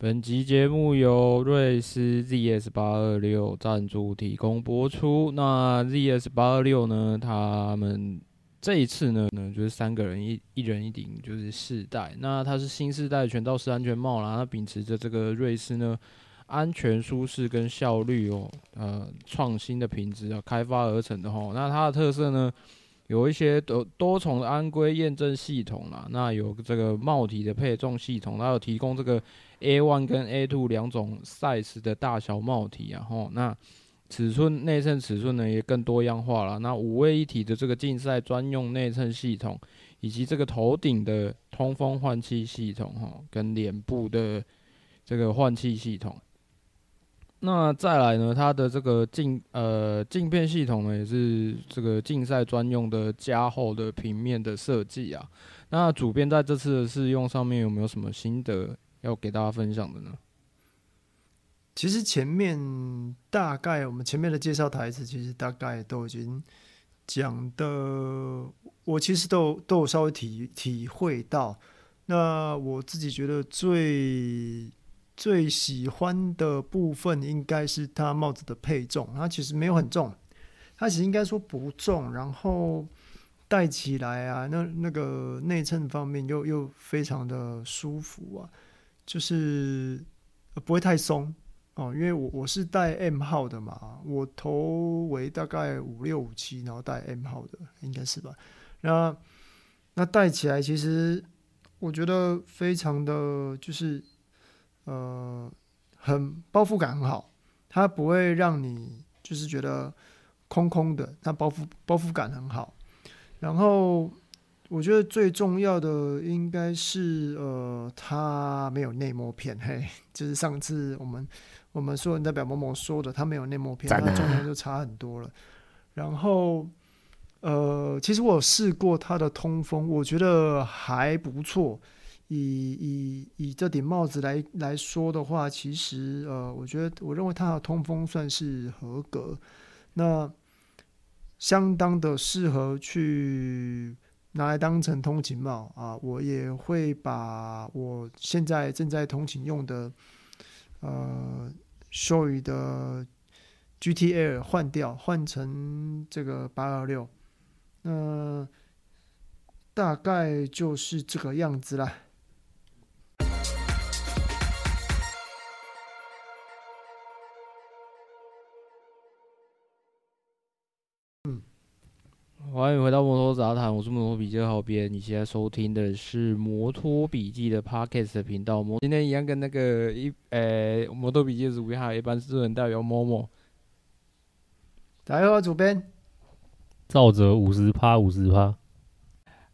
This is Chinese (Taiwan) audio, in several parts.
本集節目由瑞斯 ZS 八二六贊助提供播出。那 ZS 八二六呢，他們這一次呢，呢就是三個人一一人一頂，就是試戴，那它是新世代的全罩式安全帽啦。它秉持着這個瑞斯呢，安全、舒適跟效率哦、喔，呃，創新的品質啊，開發而成的哈、喔。那它的特色呢，有一些多多重的安規驗證系統啦。那有這個帽體的配重系統，它有提供這個。A one 跟 A two 兩種 size 的大小帽體，啊，吼，那尺寸、內襯尺寸呢也更多樣化了。那五位一體的這個競賽專用內襯系統，以及這個頭頂的通風換氣系統，吼，跟臉部的這個換氣系統。那再來呢，它的這個鏡呃鏡片系統呢，也是這個競賽專用的加厚的平面的設計啊。那主編在這次的試用上面有沒有什麼心得？要給大家分享的呢？其實前面大概我們前面的介紹台詞，其實大概都已經講的，我其實都有都有稍微體體會到。那我自己覺得最最喜歡的部分，應該是他帽子的配重。他其實沒有很重，他其實應該說不重。然後戴起來啊，那那個內襯方面又又非常的舒服啊。就是，呃，不會太鬆哦，因為我我是戴 M 號的嘛，我頭圍大概五六五七，然後戴 M 號的應該是吧。那那戴起來其實我覺得非常的就是呃很包覆感很好，它不會讓你就是覺得空空的，它包覆包覆感很好，然後，我覺得最重要的應該是，呃，它沒有內膜片，嘿，就是上次我們我們所有人代表某某說的，它沒有內膜片，那狀態就差很多了。然後，呃，其實我試過它的通風，我覺得還不錯。以以以這頂帽子來來說的話，其實呃，我覺得我認為它的通風算是合格，那相當的適合去。拿來當成通勤帽啊！我也會把我現在正在通勤用的，呃，Shoei 的 GTL 換掉，換成這個八二六。那、呃、大概就是這個樣子啦。歡迎回到摩托雜談，我是摩托筆記的小編。你現在收聽的是摩托筆記的 Podcast 頻道。我今天一樣跟那個一呃、欸，摩托筆記的主編，一般是代表某某。大家好，主編。照著五十趴，五十趴。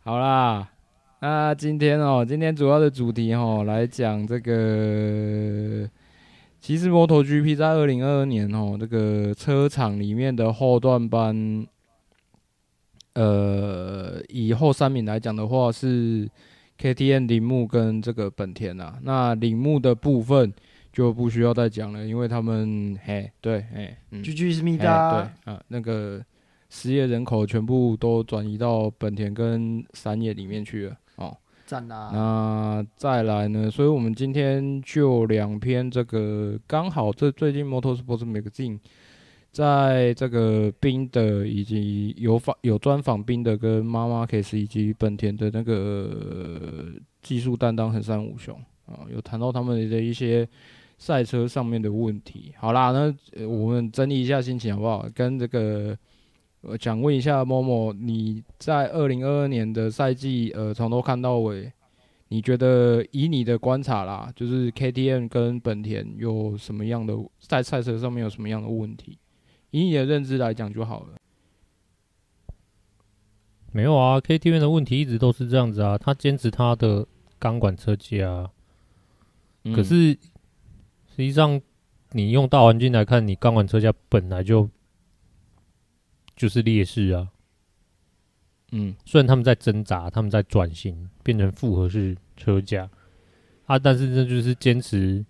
好啦，那今天哦、喔，今天主要的主題哦、喔，來講這個，其實摩托 GP 在二零二二年哦、喔，這個車廠裡面的後段班。呃，以後三名來講的話是 KTM 鈴木跟這個本田啊。那鈴木的部分就不需要再講了，因為他們嘿，對，嘿嗯，居居思密達，對啊、呃，那個失業人口全部都轉移到本田跟山葉裡面去了哦、贊啊。那再來呢？所以我們今天就兩篇這個，剛好這最近《Motor Sports Magazine》。在這個賓德，以及有訪有專訪賓德跟媽媽 Kiss 以及本田的那個技術擔當橫山武雄啊，有談到他們的一些賽車上面的問題。好啦，那我們整理一下心情好不好？跟這個呃，我想問一下 Momo 你在二零二二年的賽季呃，從頭看到尾，你覺得以你的觀察啦，就是 KTM 跟本田有什麼樣的在賽車上面有什麼樣的問題？以你的認知來講就好了。沒有啊，KTM 的問題一直都是這樣子啊，他堅持他的鋼管車架。嗯。可是實際上，你用大環境來看，你鋼管車架本來就就是劣勢啊。嗯。雖然他們在掙扎，他們在轉型，變成複合式車架啊，但是這就是堅持。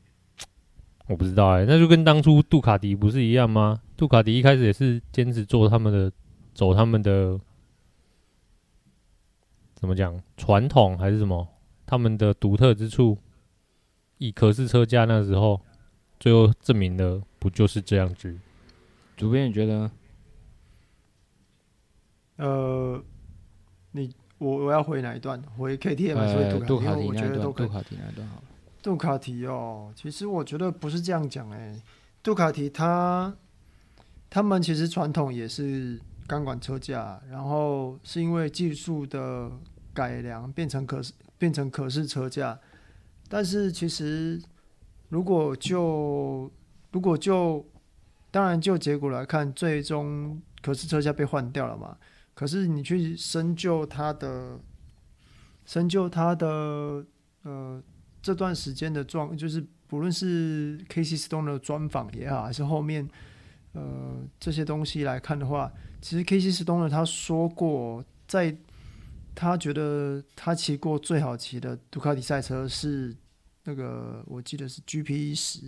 我不知道哎、欸，那就跟當初杜卡迪不是一樣嗎？杜卡迪一開始也是堅持做他們的，走他們的，怎麼講傳統還是什麼？他們的獨特之處，以殼式車架那時候，最後證明的不就是這樣子？主編你覺得？呃，你我我要回哪一段？回 KTM 還、呃、是杜卡迪？杜卡迪我覺得都杜卡迪那段好杜卡提哦，其實我覺得不是這樣講哎，杜卡提他他們其實傳統也是鋼管車架，然後是因為技術的改良變成可變成可視車架，但是其實如果就如果就當然就結果來看，最終可視車架被換掉了嘛，可是你去深究它的深究它的呃。這段時間的狀，就是不論是 Casey Stoner 的專訪也好，還是後面呃這些東西來看的話，其實 Casey Stoner 他說過在，在他覺得他騎過最好騎的杜卡迪賽車是那個，我記得是 G.P. 十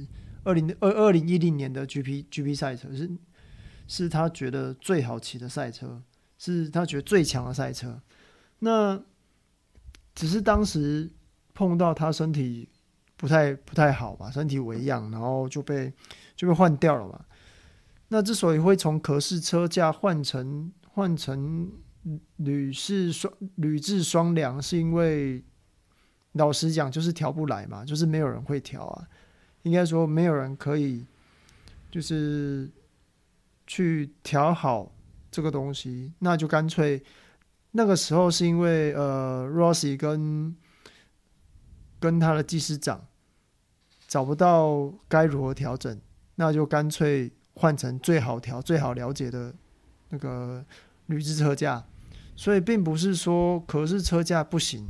二零二二零一零年的 G.P. G.P. 賽車是是他覺得最好騎的賽車，是他覺得最強的賽車。那只是當時。碰到他身體不太不太好吧，身體微恙，然後就被就被換掉了嘛。那之所以會從殼式車架換成換成鋁製雙鋁製雙梁，是因為老實講就是調不來嘛，就是沒有人會調啊。應該說沒有人可以就是去調好這個東西，那就乾脆那個時候是因為呃，Rossi 跟跟他的技師長找不到該如何調整，那就乾脆換成最好調最好了解的那個鋁製車架，所以並不是說殼式車架不行，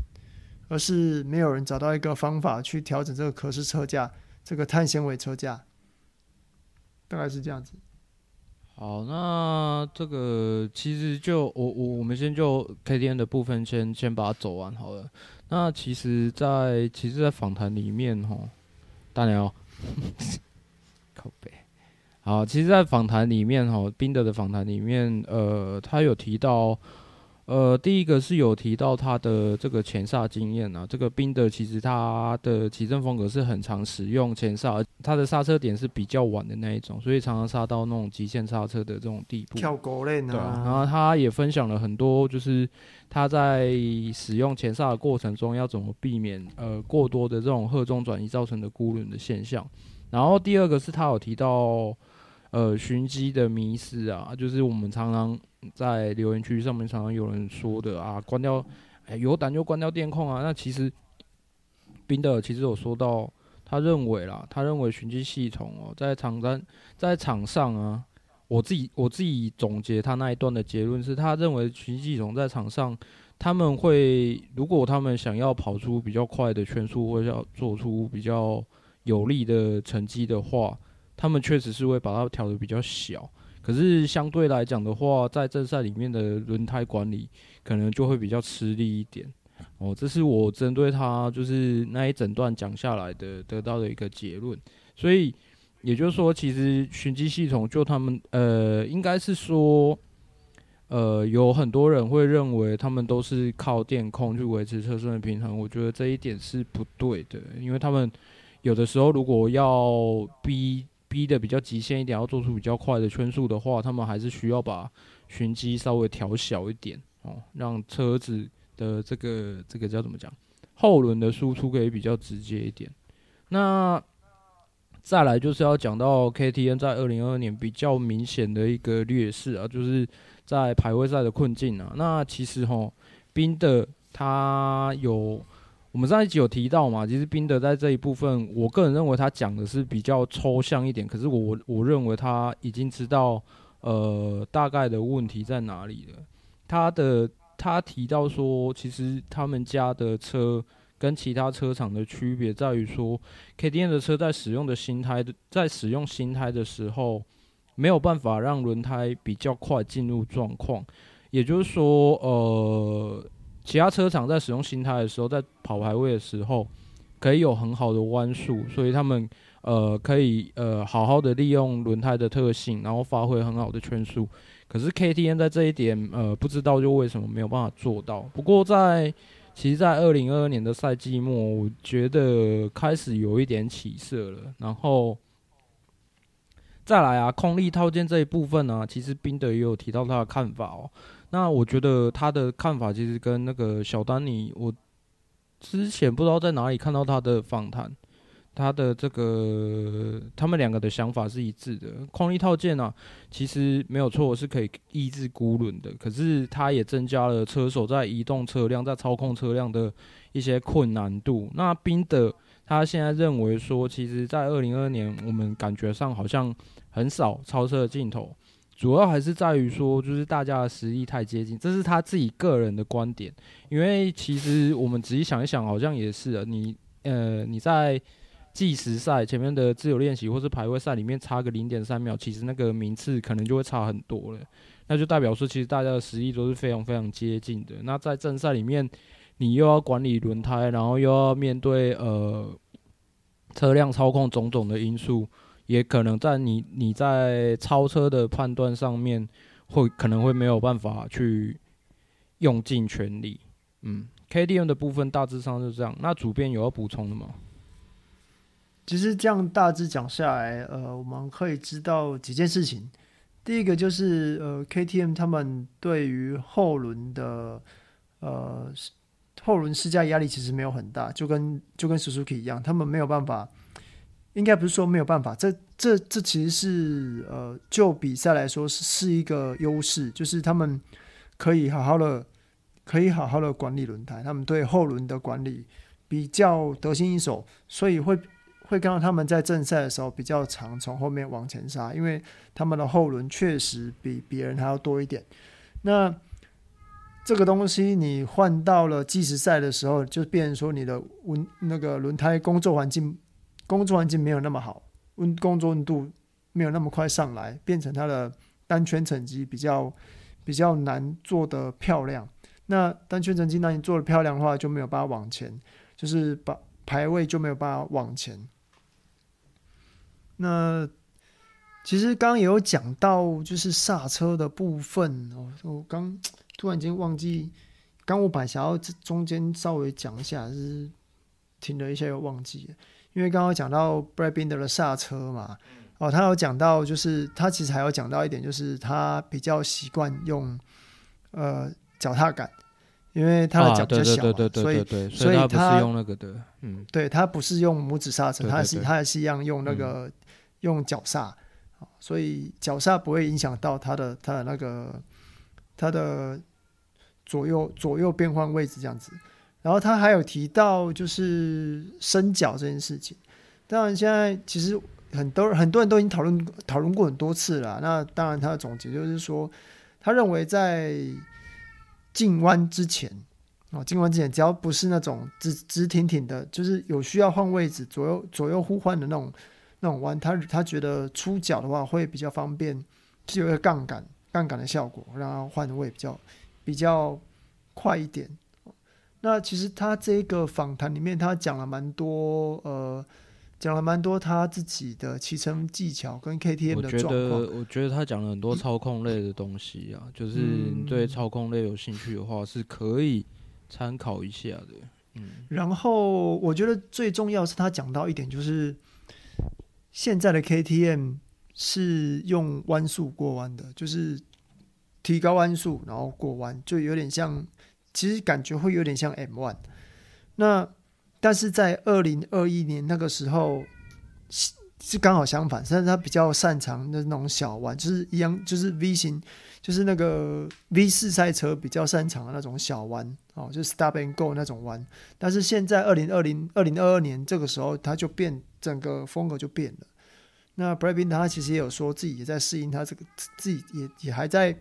而是沒有人找到一個方法去調整這個殼式車架，這個碳纖維車架大概是這樣子。好，那這個其實就我我我們先就 KTM 的部分先先把它走完好了。那其實在，在其實，在訪談裡面吼，大鳥 靠北，好，其實，在訪談裡面吼，賓德的訪談裡面，呃，他有提到。呃，第一個是有提到他的這個前剎經驗啊，這個賓德其實他的騎乘風格是很常使用前剎，而他的剎車點是比較晚的那一種，所以常常剎到那種極限剎車的這種地步。跳高呢？對，然後他也分享了很多，就是他在使用前剎的過程中要怎麼避免呃過多的這種荷重轉移造成的孤輪的現象。然後第二個是他有提到呃循跡的迷思啊，就是我們常常。在留言區上面常常有人說的啊，關掉、欸，有膽就關掉電控啊。那其實，賓德爾其實有說到，他認為啦，他認為循跡系統、哦、喔，在場在在場上啊，我自己我自己總結他那一段的結論是，他認為循跡系統在場上，他們會如果他們想要跑出比較快的圈速或者要做出比較有力的成績的話，他們確實是會把它調得比較小。可是相對來講的話，在正賽裡面的輪胎管理可能就會比較吃力一點哦。這是我針對他就是那一整段講下來的得到的一個結論。所以也就是說，其實循跡系統就他們呃，應該是說呃，有很多人會認為他們都是靠電控去維持車身的平衡。我覺得這一點是不對的，因為他們有的時候如果要逼逼得比較極限一點，要做出比較快的圈速的話，他們還是需要把循跡稍微調小一點哦，讓車子的這個這個叫怎麼講，後輪的輸出可以比較直接一點。那再來就是要講到 KTM 在二零二二年比較明顯的一個劣勢啊，就是在排位賽的困境啊。那其實哈，賓德它有。我們上一集有提到嘛，其實賓德在這一部分，我個人認為他講的是比較抽象一點，可是我我認為他已經知道，呃，大概的問題在哪裡了。他的他提到說，其實他們家的車跟其他車廠的區別在於說 KTM 的車在使用的新胎，在使用新胎的時候，沒有辦法讓輪胎比較快進入狀況，也就是說，呃。其他車廠在使用新胎的時候，在跑排位的時候，可以有很好的彎速，所以他們呃可以呃好好的利用輪胎的特性，然後發揮很好的圈速。可是 KTM 在這一點呃不知道就為什麼沒有辦法做到。不過在其實，在二零二二年的賽季末，我覺得開始有一點起色了。然後再來啊，空力套件這一部分呢、啊，其實賓德也有提到他的看法哦、喔。那我覺得他的看法其實跟那個小丹尼，我之前不知道在哪裡看到他的訪談，他的這個他們兩個的想法是一致的。空力套件呢、啊，其實沒有錯，是可以抑制孤輪的，可是它也增加了車手在移動車輛、在操控車輛的一些困難度。那賓德他現在認為說，其實，在二零二二年，我們感覺上好像很少超車的鏡頭。主要還是在於說，就是大家的實力太接近。這是他自己個人的觀點，因為其實我們仔細想一想，好像也是啊。你呃，你在計時賽前面的自由練習或是排位賽裡面差個零點三秒，其實那個名次可能就會差很多了。那就代表說，其實大家的實力都是非常非常接近的。那在正賽裡面，你又要管理輪胎，然後又要面對呃車輛操控種種的因素。也可能在你你在超車的判斷上面會，會可能會沒有辦法去用盡全力。嗯，KTM 的部分大致上是這樣。那主編有要補充的嗎？其實這樣大致講下來，呃，我們可以知道幾件事情。第一個就是，呃，KTM 他們對於後輪的，呃，後輪施加壓力其實沒有很大，就跟就跟 Suzuki 一樣，他們沒有辦法。應該不是說沒有辦法，這這這其實是呃，就比賽來說是是一個優勢，就是他們可以好好的可以好好的管理輪胎，他們對後輪的管理比較得心應手，所以會會看到他們在正賽的時候比較長，從後面往前殺，因為他們的後輪確實比別人還要多一點。那這個東西你換到了計時賽的時候，就變成說你的溫那個輪胎工作環境。工作環境沒有那麼好，溫工作溫度沒有那麼快上來，變成他的單圈成績比較比較難做的漂亮。那單圈成績，那你做的漂亮的話，就沒有辦法往前，就是把排位就沒有辦法往前。那其實剛剛有講到就是剎車的部分哦，我剛突然間忘記，剛我本來想要這中間稍微講一下，是停了一下又忘記了。因為剛剛講到 Brad Binder 的剎車嘛，哦，他有講到，就是他其實還有講到一點，就是他比較習慣用呃腳踏桿，因為他的腳比較小，所以所以，他所以他不是用那個嗯，對他不是用拇指剎車，他是他還是一樣用那個用腳剎，嗯，所以腳剎不會影響到他的他的那個他的左右左右變換位置這樣子。然後他還有提到就是伸腳這件事情，當然現在其實很多很多人都已經討論討論過很多次了啊。那當然他的總結就是說，他認為在進彎之前哦，進彎之前只要不是那種直直挺挺的，就是有需要換位置左右左右互換的那種那種彎，他他覺得出腳的話會比較方便，是有一個槓桿槓桿的效果，然後換位比較比較快一點。那其實他這個訪談裡面，他講了蠻多，呃，講了蠻多他自己的騎乘技巧跟 KTM 的狀況。我覺得，我覺得他講了很多操控類的東西啊，嗯，就是對操控類有興趣的話是可以參考一下的。嗯，然後我覺得最重要是他講到一點，就是現在的 KTM 是用彎速過彎的，就是提高彎速然後過彎，就有點像。其實感覺會有點像 M1，那但是在二零二一年那個時候是是剛好相反，但是他比較擅長的那種小彎，就是一樣就是 V 型，就是那個 V 四賽車比較擅長的那種小彎哦，就是 Stop and Go 那種彎。但是現在二零二零二零二二年這個時候，他就變整個風格就變了。那 Brad Binder 他其實也有說自己也在適應，他這個自己也也還在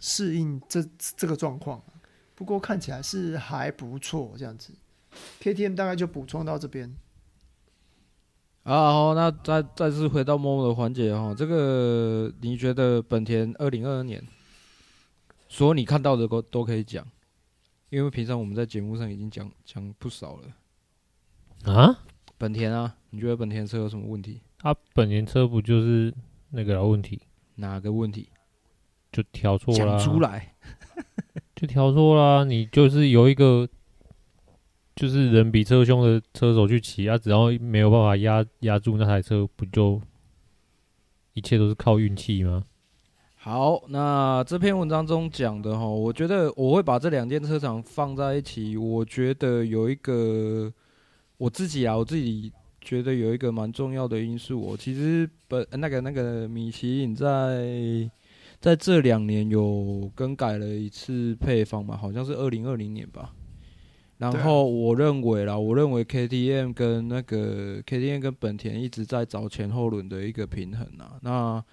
適應這這個狀況。不過看起來是還不錯，這樣子。K T M 大概就補充到這邊。啊、哦，好，那再再次回到摸摸的環節哈，這個你覺得本田二零二二年，所有你看到的都都可以講，因為平常我們在節目上已經講講不少了。啊，本田啊，你覺得本田車有什麼問題？啊，本田車不就是那個問題？哪個問題？就調錯了講出來。調錯啦！你就是有一個，就是人比車兇的車手去騎啊，只要沒有辦法壓壓住那台車，不就一切都是靠運氣嗎？好，那這篇文章中講的哈，我覺得我會把這兩間車廠放在一起。我覺得有一個我自己啊，我自己覺得有一個蠻重要的因素，哦。我其實本、呃、那個那個米其林在。在這兩年有更改了一次配方嘛？好像是二零二零年吧。然後我認為啦，我認為 KTM 跟那個 KTM 跟本田一直在找前後輪的一個平衡啊。那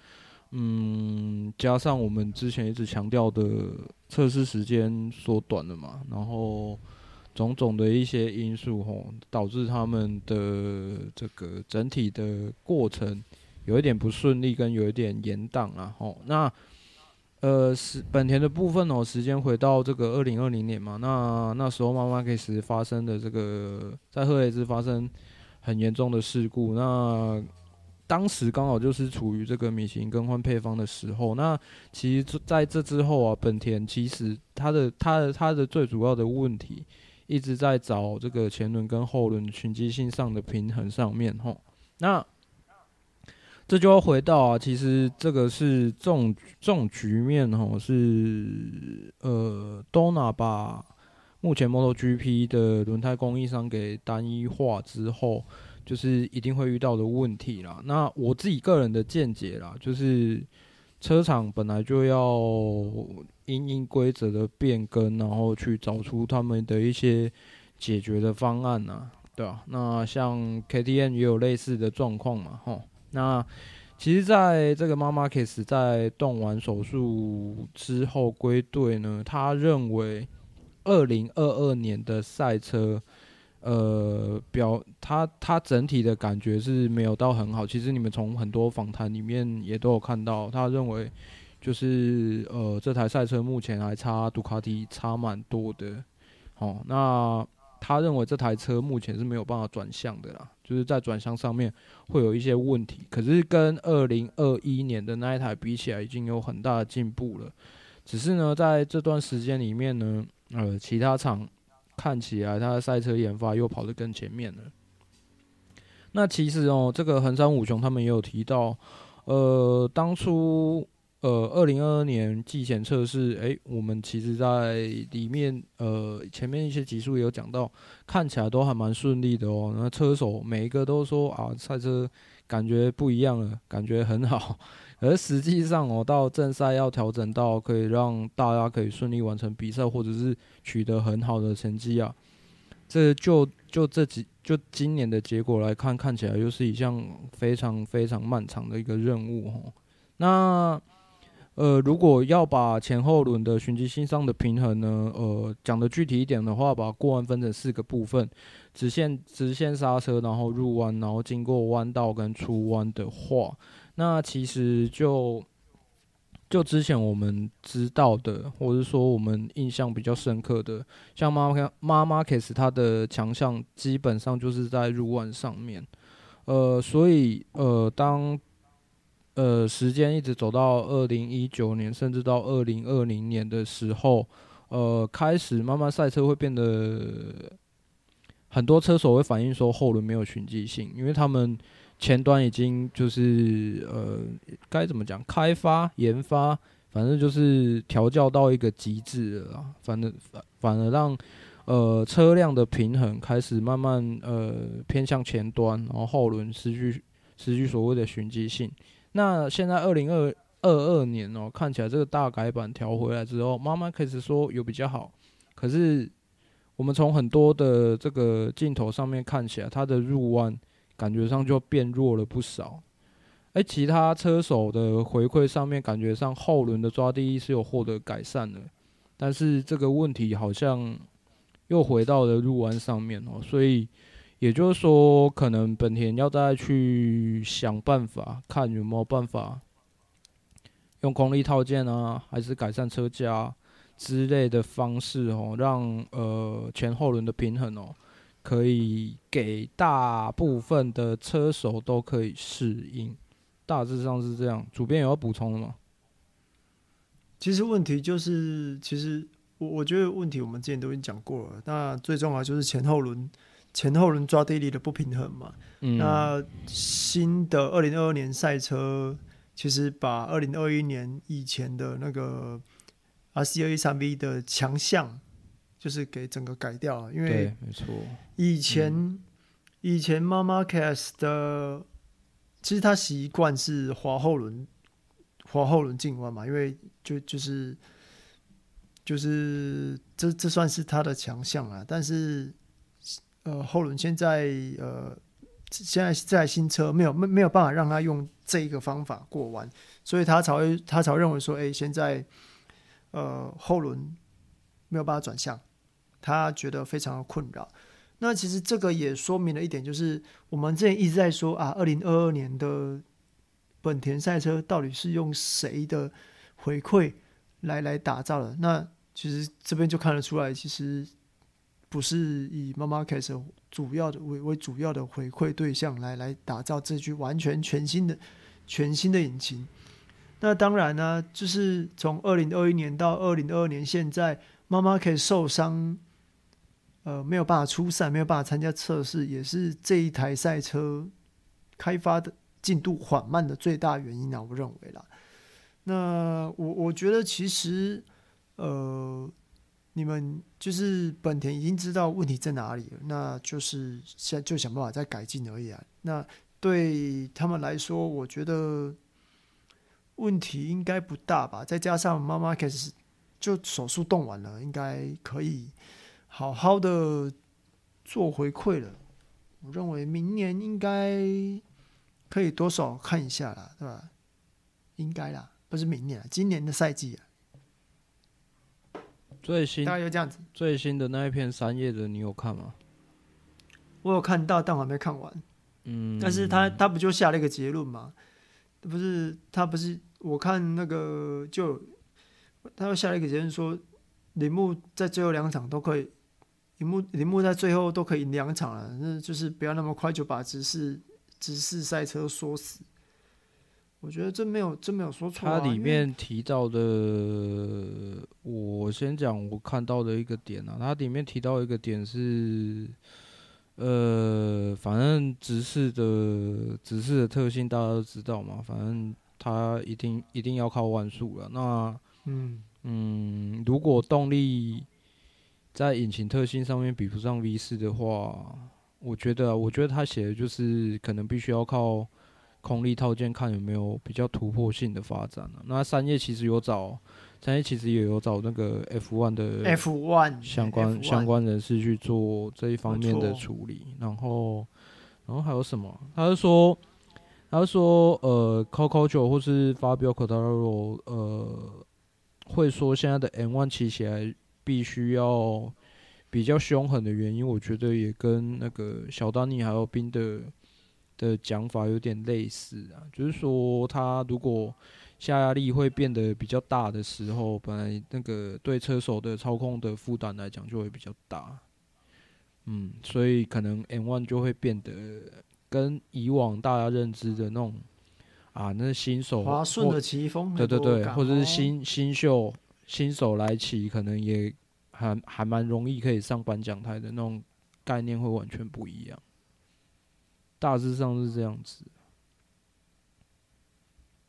嗯，加上我們之前一直強調的測試時間縮短了嘛，然後種種的一些因素吼，導致他們的這個整體的過程有一點不順利，跟有一點延宕啊。吼，那。呃，是本田的部分哦。時間回到這個二零二零年嘛，那那時候慢慢開始發生的這個在赫雷斯發生很嚴重的事故。那當時剛好就是處於這個米其林更換配方的時候。那其實在這之後啊，本田其實它的、它的、它的最主要的問題一直在找這個前輪跟後輪群機性上的平衡上面吼。那這就要回到啊，其實這個是這種這種局面哈，是呃，Dorna 把目前 MotoGP 的輪胎供應商給單一化之後，就是一定會遇到的問題啦。那我自己個人的見解啦，就是車廠本來就要因應規則的變更，然後去找出他們的一些解決的方案吶，啊，對吧、啊？那像 KTM 也有類似的狀況嘛，哈。那其實，在這個媽媽開始 s 在動完手術之後歸隊呢，他認為二零二二年的賽車，呃，表他他整體的感覺是沒有到很好。其實你們從很多訪談裡面也都有看到，他認為就是呃，這台賽車目前還差杜卡迪差蠻多的。好，那。他認為這台車目前是沒有辦法轉向的啦，就是在轉向上面會有一些問題。可是跟二零二一年的那一台比起來，已經有很大的進步了。只是呢，在這段時間裡面呢，呃，其他廠看起來他的賽車研發又跑得更前面了。那其實哦、喔，這個橫山武雄他們也有提到，呃，當初。呃，二零二二年季前測試，哎，我們其實，在裡面，呃，前面一些集數也有講到，看起來都還蠻順利的哦。那車手每一個都說啊，賽車感覺不一樣了，感覺很好。而實際上，哦，我到正賽要調整到可以讓大家可以順利完成比賽，或者是取得很好的成績啊。這個，就就這幾就今年的結果來看，看起來又是一項非常非常漫長的一個任務哦。那呃，如果要把前後輪的循跡性上的平衡呢，呃，講得具體一點的話，把過彎分成四個部分：直線、直線剎車，然後入彎，然後經過彎道跟出彎的話，那其實就就之前我們知道的，或者是說我們印象比較深刻的，像 Marc Marquez 他的強項基本上就是在入彎上面，呃，所以呃，當呃，時間一直走到二零一九年，甚至到二零二零年的時候，呃，開始慢慢賽車會變得很多車手會反映說後輪沒有循跡性，因為他們前端已經就是呃該怎麼講開發研發，反正就是調教到一個極致了，反正反反而讓呃車輛的平衡開始慢慢呃偏向前端，然後後輪失去失去所謂的循跡性。那現在二零二二年哦，看起來這個大改版調回來之後 Marquez 開始說有比較好，可是我們從很多的這個鏡頭上面看起來，它的入彎感覺上就變弱了不少。哎，其他車手的回饋上面感覺上後輪的抓地力是有獲得改善的，但是這個問題好像又回到了入彎上面哦，所以。也就是說，可能本田要再去想辦法，看有沒有辦法用空力套件啊，還是改善車架、啊、之類的方式哦，讓呃前後輪的平衡哦，可以給大部分的車手都可以適應。大致上是這樣。主編有要補充的嗎？其實問題就是，其實我我覺得問題我們之前都已經講過了。那最重要就是前後輪。前後輪抓地力的不平衡嘛，嗯、那新的二零二二年賽車其實把二零二一年以前的那個 RC213V 的強項，就是給整個改掉了，對，因為沒錯，以前、嗯、以前 Marquez 的其實他習慣是滑後輪，滑後輪進彎嘛，因為就就是就是這這算是他的強項啊，但是。呃，後輪現在呃，現在這台新車沒有沒沒有辦法讓他用這一個方法過彎，所以他才會他才會認為說，欸，現在呃後輪沒有辦法轉向，他覺得非常的困擾。那其實這個也說明了一點，就是我們之前一直在說啊，二零二二年的本田賽車到底是用誰的回饋來來打造的？那其實這邊就看得出來，其實。不是以馬奎斯主要的為為主要的回饋對象來來打造這具完全全新的全新的引擎。那當然呢、啊，就是從二零二一年到二零二二年，現在馬奎斯受傷，呃，沒有辦法出賽，沒有辦法參加測試，也是這一台賽車開發的進度緩慢的最大原因啊！我認為啦，那我我覺得其實呃，你們。就是本田已經知道問題在哪裡，那就是想就想辦法再改進而已啊。那對他們來說，我覺得問題應該不大吧？再加上媽媽開始就手術動完了，應該可以好好的做回饋了。我認為明年應該可以多少看一下了，對吧？應該啦，不是明年，今年的賽季啊。最新，大概就這樣子。最新的那一篇三頁的，你有看嗎？我有看到，但我還沒看完。嗯，但是他他不就下了一個結論嗎？不是他不是，我看那個就，他要下了一個結論說鈴木在最後兩場都可以，鈴木鈴木在最後都可以贏兩場了，那就是不要那麼快就把直視直視賽車縮死。我覺得這沒有，這沒有說錯、啊。它裡面提到的，我先講我看到的一個點啊，它裡面提到一個點是，呃，反正直四的直四的特性大家都知道嘛，反正它一定一定要靠彎速了。那嗯嗯，如果動力在引擎特性上面比不上 V 四的話，我覺得、啊，我覺得他寫的就是可能必須要靠。空力套件看有沒有比較突破性的發展呢？啊？那山葉其實有找，山葉其實也有找那個 F one 的 F one 相關、F1、相關人士去做這一方面的處理。然後，然後還有什麼？他就說，他就說，呃，Coco 九或是 Fabio Quartararo 呃，會說現在的 M one 騎起來必須要比較凶狠的原因，我覺得也跟那個小丹尼還有 Binder。的講法有點類似啊，就是說，他如果下壓力會變得比較大的時候，本來那個對車手的操控的負擔來講就會比較大。嗯，所以可能 M One 就會變得跟以往大家認知的那種啊，那新手滑順的騎風，對對對，對，或者是新新秀新手來騎，可能也還還蠻容易可以上頒獎台的那種概念，會完全不一樣。大致上是這樣子，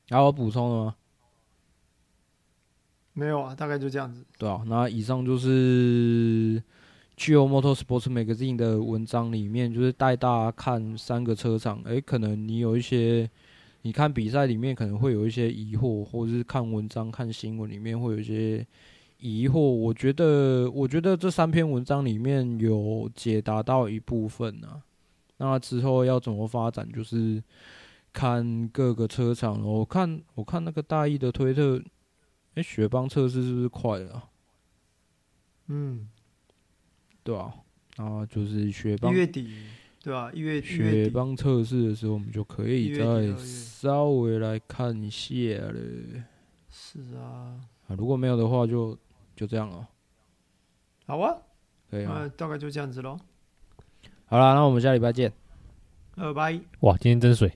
還有補充的嗎？沒有啊，大概就這樣子。對啊，那以上就是《GO Motorsports Magazine》的文章裡面，就是帶大家看三個車廠。誒、欸，可能你有一些，你看比賽裡面可能會有一些疑惑，或者是看文章、看新聞裡面會有一些疑惑。我覺得，我覺得這三篇文章裡面有解答到一部分呢、啊。那之後要怎麼發展，就是看各個車廠我看，我看那個大一的推特，哎、欸，雪邦測試是不是快了、啊？嗯，對啊，啊，就是雪邦。一月底，對啊，一月。一月底雪邦測試的時候，我們就可以再稍微來看一下嘞。是啊，啊，如果沒有的話就，就就這樣了。好啊，啊，大概就這樣子咯。好啦，那我們下禮拜見。拜、呃、拜。哇，今天真水。